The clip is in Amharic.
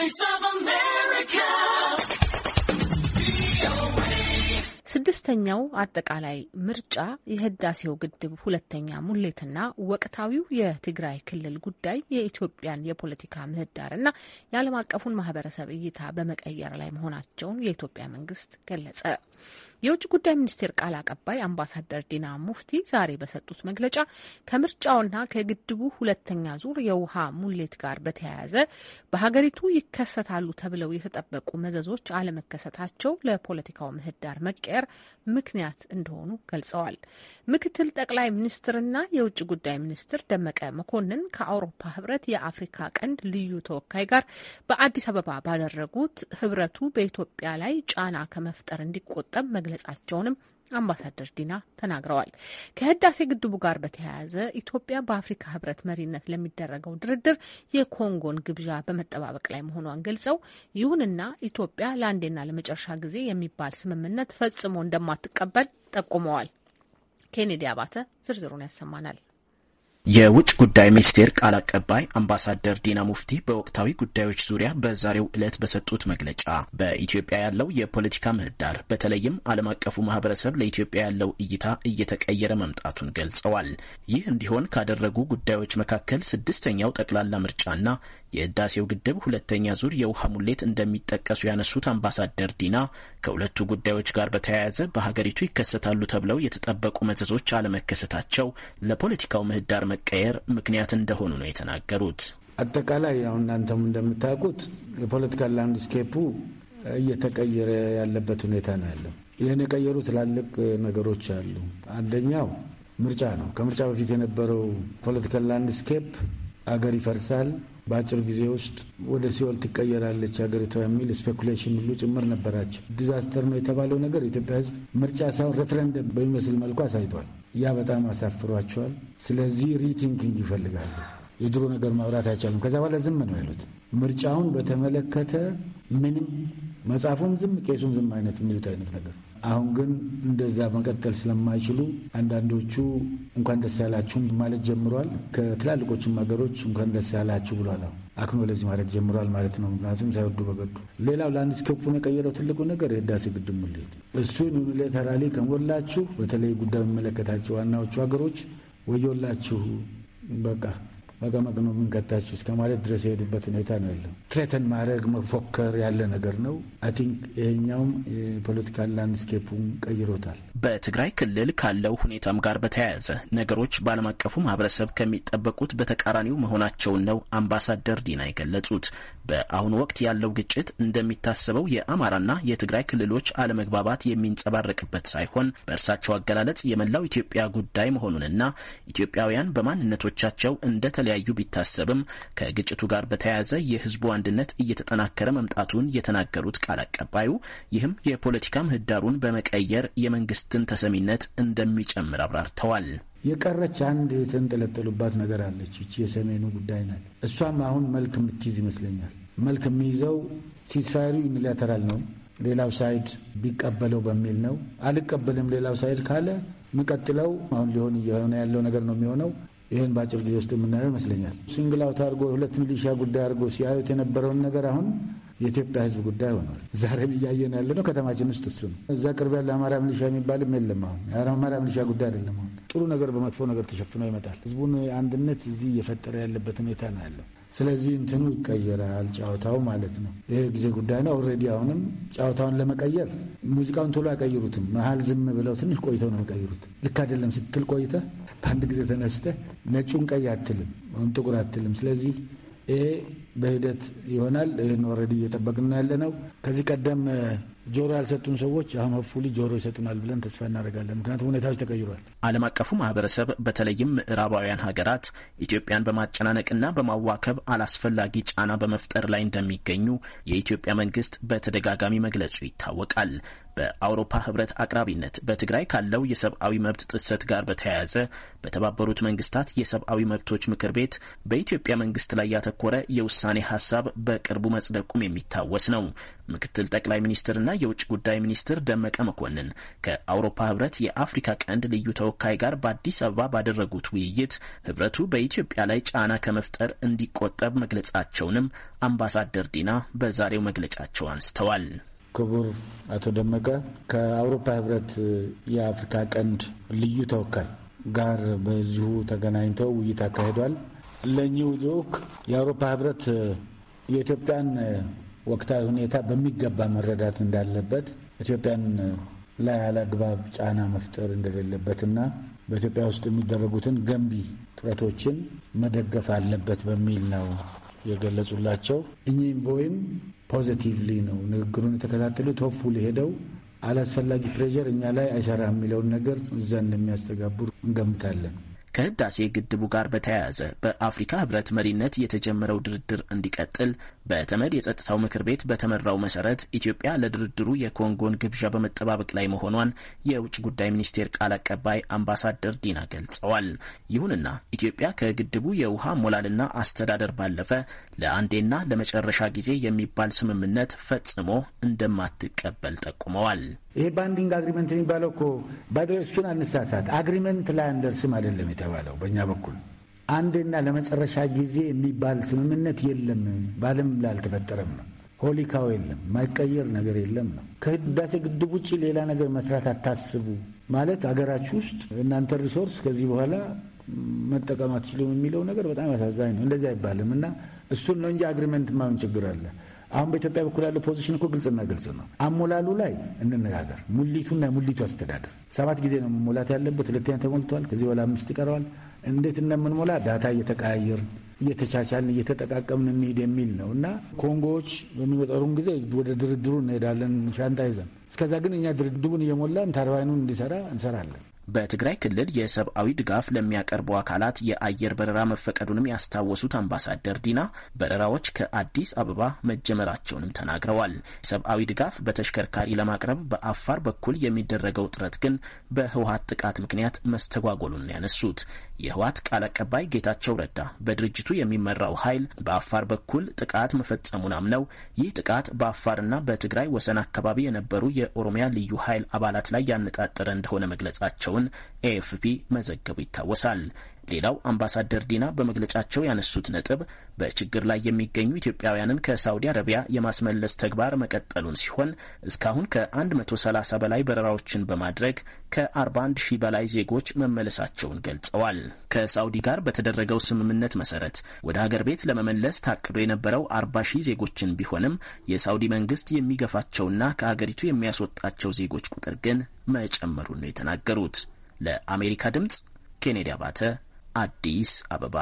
voice of ስድስተኛው አጠቃላይ ምርጫ የህዳሴው ግድብ ሁለተኛ ሙሌትና ወቅታዊው የትግራይ ክልል ጉዳይ የኢትዮጵያን የፖለቲካ ምህዳርና የዓለም አቀፉን ማህበረሰብ እይታ በመቀየር ላይ መሆናቸውን የኢትዮጵያ መንግስት ገለጸ። የውጭ ጉዳይ ሚኒስቴር ቃል አቀባይ አምባሳደር ዲና ሙፍቲ ዛሬ በሰጡት መግለጫ ከምርጫውና ከግድቡ ሁለተኛ ዙር የውሃ ሙሌት ጋር በተያያዘ በሀገሪቱ ይከሰታሉ ተብለው የተጠበቁ መዘዞች አለመከሰታቸው ለፖለቲካው ምህዳር መቀየር ምክንያት እንደሆኑ ገልጸዋል። ምክትል ጠቅላይ ሚኒስትርና የውጭ ጉዳይ ሚኒስትር ደመቀ መኮንን ከአውሮፓ ህብረት የአፍሪካ ቀንድ ልዩ ተወካይ ጋር በአዲስ አበባ ባደረጉት ህብረቱ በኢትዮጵያ ላይ ጫና ከመፍጠር እንዲቆጠብ መግለጻቸውንም አምባሳደር ዲና ተናግረዋል። ከህዳሴ ግድቡ ጋር በተያያዘ ኢትዮጵያ በአፍሪካ ህብረት መሪነት ለሚደረገው ድርድር የኮንጎን ግብዣ በመጠባበቅ ላይ መሆኗን ገልጸው ይሁንና ኢትዮጵያ ለአንዴና ለመጨረሻ ጊዜ የሚባል ስምምነት ፈጽሞ እንደማትቀበል ጠቁመዋል። ኬኔዲ አባተ ዝርዝሩን ያሰማናል። የውጭ ጉዳይ ሚኒስቴር ቃል አቀባይ አምባሳደር ዲና ሙፍቲ በወቅታዊ ጉዳዮች ዙሪያ በዛሬው ዕለት በሰጡት መግለጫ በኢትዮጵያ ያለው የፖለቲካ ምህዳር በተለይም ዓለም አቀፉ ማህበረሰብ ለኢትዮጵያ ያለው እይታ እየተቀየረ መምጣቱን ገልጸዋል። ይህ እንዲሆን ካደረጉ ጉዳዮች መካከል ስድስተኛው ጠቅላላ ምርጫና የህዳሴው ግድብ ሁለተኛ ዙር የውሃ ሙሌት እንደሚጠቀሱ ያነሱት አምባሳደር ዲና ከሁለቱ ጉዳዮች ጋር በተያያዘ በሀገሪቱ ይከሰታሉ ተብለው የተጠበቁ መዘዞች አለመከሰታቸው ለፖለቲካው ምህዳር መቀየር ምክንያት እንደሆኑ ነው የተናገሩት። አጠቃላይ አሁን እናንተም እንደምታውቁት የፖለቲካ ላንድስኬፑ እየተቀየረ ያለበት ሁኔታ ነው ያለው። ይህን የቀየሩ ትላልቅ ነገሮች አሉ። አንደኛው ምርጫ ነው። ከምርጫ በፊት የነበረው ፖለቲካል ላንድስኬፕ ሀገር ይፈርሳል፣ በአጭር ጊዜ ውስጥ ወደ ሲኦል ትቀየራለች ሀገሪቷ የሚል ስፔኩሌሽን ሁሉ ጭምር ነበራቸው። ዲዛስተር ነው የተባለው ነገር የኢትዮጵያ ሕዝብ ምርጫ ሳይሆን ሬፍረንደም በሚመስል መልኩ አሳይቷል። ያ በጣም አሳፍሯቸዋል። ስለዚህ ሪቲንኪንግ ይፈልጋሉ። የድሮ ነገር ማውራት አይቻልም። ከዛ በኋላ ዝም ነው ያሉት። ምርጫውን በተመለከተ ምንም መጽሐፉም ዝም ቄሱም ዝም አይነት የሚሉት አይነት ነገር። አሁን ግን እንደዛ መቀጠል ስለማይችሉ አንዳንዶቹ እንኳን ደስ ያላችሁ ማለት ጀምረዋል። ከትላልቆችም ሀገሮች እንኳን ደስ ያላችሁ ብሏል። አሁን አክኖሎጂ ማለት ጀምረዋል ማለት ነው። ምክንያቱም ሳይወዱ በገዱ። ሌላው ላንድስኬፑን የቀየረው ትልቁ ነገር የህዳሴ ግድብ ሙሌት፣ እሱን ዩኒሌተራሊ ከሞላችሁ፣ በተለይ ጉዳዩ የሚመለከታቸው ዋናዎቹ ሀገሮች ወዮላችሁ በቃ መቀመቅ ነው የምንቀጣችሁ እስከ ማለት ድረስ የሄዱበት ሁኔታ ነው ያለው። ትሬተን ማድረግ መፎከር ያለ ነገር ነው። አይ ቲንክ ይሄኛውም የፖለቲካል ላንድስኬፑን ቀይሮታል። በትግራይ ክልል ካለው ሁኔታም ጋር በተያያዘ ነገሮች በዓለም አቀፉ ማህበረሰብ ከሚጠበቁት በተቃራኒው መሆናቸውን ነው አምባሳደር ዲና የገለጹት። በአሁኑ ወቅት ያለው ግጭት እንደሚታሰበው የአማራና የትግራይ ክልሎች አለመግባባት የሚንጸባረቅበት ሳይሆን በእርሳቸው አገላለጽ የመላው ኢትዮጵያ ጉዳይ መሆኑንና ኢትዮጵያውያን በማንነቶቻቸው እንደተለያዩ ቢታሰብም ከግጭቱ ጋር በተያያዘ የሕዝቡ አንድነት እየተጠናከረ መምጣቱን የተናገሩት ቃል አቀባዩ ይህም የፖለቲካ ምህዳሩን በመቀየር የመንግስትን ተሰሚነት እንደሚጨምር አብራርተዋል። የቀረች አንድ የተንጠለጠሉባት ነገር አለች። ይቺ የሰሜኑ ጉዳይ ናት። እሷም አሁን መልክ የምትይዝ ይመስለኛል። መልክ የሚይዘው ሲሳይሩ ዩኒላተራል ነው፣ ሌላው ሳይድ ቢቀበለው በሚል ነው። አልቀበልም ሌላው ሳይድ ካለ የሚቀጥለው አሁን ሊሆን እየሆነ ያለው ነገር ነው የሚሆነው። ይህን በአጭር ጊዜ ውስጥ የምናየው ይመስለኛል። ሲንግል አውት አድርጎ ሁለት ሚሊሻ ጉዳይ አድርጎ ሲያዩት የነበረውን ነገር አሁን የኢትዮጵያ ሕዝብ ጉዳይ ሆኗል። ዛሬም እያየን ያለ ነው። ከተማችን ውስጥ እሱ ነው። እዛ ቅርብ ያለ አማራ ሚሊሻ የሚባልም የለም። አሁን አማራ ሚሊሻ ጉዳይ አይደለም። አሁን ጥሩ ነገር በመጥፎ ነገር ተሸፍኖ ይመጣል። ሕዝቡን አንድነት እዚህ እየፈጠረ ያለበት ሁኔታ ነው ያለው። ስለዚህ እንትኑ ይቀየራል፣ ጨዋታው ማለት ነው። ይሄ ጊዜ ጉዳይ ነው። ኦልሬዲ አሁንም ጨዋታውን ለመቀየር ሙዚቃውን ቶሎ አይቀይሩትም። መሀል ዝም ብለው ትንሽ ቆይተው ነው የሚቀይሩት። ልክ አይደለም ስትል ቆይተ በአንድ ጊዜ ተነስተ ነጩን ቀይ አትልም ወይም ጥቁር አትልም። ስለዚህ ይሄ በሂደት ይሆናል። ይህን ወረድ እየጠበቅን ያለ ነው። ከዚህ ቀደም ጆሮ ያልሰጡን ሰዎች አሁን ሆፕፉሊ ጆሮ ይሰጡናል ብለን ተስፋ እናደርጋለን። ምክንያቱም ሁኔታዎች ተቀይሯል። ዓለም አቀፉ ማህበረሰብ በተለይም ምዕራባውያን ሀገራት ኢትዮጵያን በማጨናነቅና በማዋከብ አላስፈላጊ ጫና በመፍጠር ላይ እንደሚገኙ የኢትዮጵያ መንግስት በተደጋጋሚ መግለጹ ይታወቃል። በአውሮፓ ህብረት አቅራቢነት በትግራይ ካለው የሰብአዊ መብት ጥሰት ጋር በተያያዘ በተባበሩት መንግስታት የሰብአዊ መብቶች ምክር ቤት በኢትዮጵያ መንግስት ላይ ያተኮረ የውሳኔ ሀሳብ በቅርቡ መጽደቁም የሚታወስ ነው። ምክትል ጠቅላይ ሚኒስትርና የውጭ ጉዳይ ሚኒስትር ደመቀ መኮንን ከአውሮፓ ህብረት የአፍሪካ ቀንድ ልዩ ተወካይ ጋር በአዲስ አበባ ባደረጉት ውይይት ህብረቱ በኢትዮጵያ ላይ ጫና ከመፍጠር እንዲቆጠብ መግለጻቸውንም አምባሳደር ዲና በዛሬው መግለጫቸው አንስተዋል። ክቡር አቶ ደመቀ ከአውሮፓ ህብረት የአፍሪካ ቀንድ ልዩ ተወካይ ጋር በዚሁ ተገናኝተው ውይይት አካሂዷል። ለኒውዮርክ የአውሮፓ ህብረት የኢትዮጵያን ወቅታዊ ሁኔታ በሚገባ መረዳት እንዳለበት ኢትዮጵያን ላይ አላግባብ ጫና መፍጠር እንደሌለበትና በኢትዮጵያ ውስጥ የሚደረጉትን ገንቢ ጥረቶችን መደገፍ አለበት በሚል ነው የገለጹላቸው። እኚህ ኢንቮይም ፖዚቲቭሊ ነው ንግግሩን የተከታተሉ ሆፉ ሄደው አላስፈላጊ ፕሬዠር እኛ ላይ አይሰራ የሚለውን ነገር እዛ እንደሚያስተጋብሩ እንገምታለን። ከህዳሴ ግድቡ ጋር በተያያዘ በአፍሪካ ህብረት መሪነት የተጀመረው ድርድር እንዲቀጥል በተመድ የጸጥታው ምክር ቤት በተመራው መሰረት ኢትዮጵያ ለድርድሩ የኮንጎን ግብዣ በመጠባበቅ ላይ መሆኗን የውጭ ጉዳይ ሚኒስቴር ቃል አቀባይ አምባሳደር ዲና ገልጸዋል። ይሁንና ኢትዮጵያ ከግድቡ የውሃ ሞላልና አስተዳደር ባለፈ ለአንዴና ለመጨረሻ ጊዜ የሚባል ስምምነት ፈጽሞ እንደማትቀበል ጠቁመዋል። ይሄ ባንዲንግ አግሪመንት የሚባለው እኮ ባይደ እሱን አንሳሳት አግሪመንት ላይ አንደርስም አይደለም የተባለው በእኛ በኩል አንድና ለመጨረሻ ጊዜ የሚባል ስምምነት የለም። በዓለም ላይ አልተፈጠረም ነው። ሆሊካው የለም፣ የማይቀየር ነገር የለም ነው። ከህዳሴ ግድብ ውጭ ሌላ ነገር መስራት አታስቡ ማለት አገራችሁ ውስጥ እናንተ ሪሶርስ ከዚህ በኋላ መጠቀም አትችሉም የሚለው ነገር በጣም ያሳዛኝ ነው። እንደዚህ አይባልም እና እሱን ነው እንጂ አግሪመንት ማን ችግር አለ? አሁን በኢትዮጵያ በኩል ያለው ፖዚሽን እኮ ግልጽና ግልጽ ነው። አሞላሉ ላይ እንነጋገር። ሙሊቱና ሙሊቱ አስተዳደር ሰባት ጊዜ ነው መሞላት ያለበት። ሁለተኛ ተሞልቷል። ከዚህ በኋላ አምስት ይቀረዋል። እንዴት እንደምንሞላ ዳታ እየተቀያየር እየተቻቻልን እየተጠቃቀምን እንሂድ የሚል ነው እና ኮንጎዎች በሚወጠሩን ጊዜ ወደ ድርድሩ እንሄዳለን ሻንጣ ይዘን። እስከዛ ግን እኛ ድርድቡን እየሞላን ተርባይኑን እንዲሰራ እንሰራለን። በትግራይ ክልል የሰብአዊ ድጋፍ ለሚያቀርቡ አካላት የአየር በረራ መፈቀዱንም ያስታወሱት አምባሳደር ዲና በረራዎች ከአዲስ አበባ መጀመራቸውንም ተናግረዋል። ሰብአዊ ድጋፍ በተሽከርካሪ ለማቅረብ በአፋር በኩል የሚደረገው ጥረት ግን በህወሀት ጥቃት ምክንያት መስተጓጎሉን ያነሱት የህወሀት ቃል አቀባይ ጌታቸው ረዳ በድርጅቱ የሚመራው ኃይል በአፋር በኩል ጥቃት መፈጸሙን አምነው ይህ ጥቃት በአፋርና በትግራይ ወሰን አካባቢ የነበሩ የኦሮሚያ ልዩ ኃይል አባላት ላይ ያነጣጠረ እንደሆነ መግለጻቸው መሆኑን ኤኤፍፒ መዘገቡ ይታወሳል። ሌላው አምባሳደር ዲና በመግለጫቸው ያነሱት ነጥብ በችግር ላይ የሚገኙ ኢትዮጵያውያንን ከሳውዲ አረቢያ የማስመለስ ተግባር መቀጠሉን ሲሆን እስካሁን ከ130 በላይ በረራዎችን በማድረግ ከ41 ሺህ በላይ ዜጎች መመለሳቸውን ገልጸዋል። ከሳውዲ ጋር በተደረገው ስምምነት መሰረት ወደ ሀገር ቤት ለመመለስ ታቅዶ የነበረው 40 ሺህ ዜጎችን ቢሆንም የሳውዲ መንግስት የሚገፋቸውና ከሀገሪቱ የሚያስወጣቸው ዜጎች ቁጥር ግን መጨመሩን ነው የተናገሩት። ለአሜሪካ ድምጽ ኬኔዲ አባተ አዲስ አበባ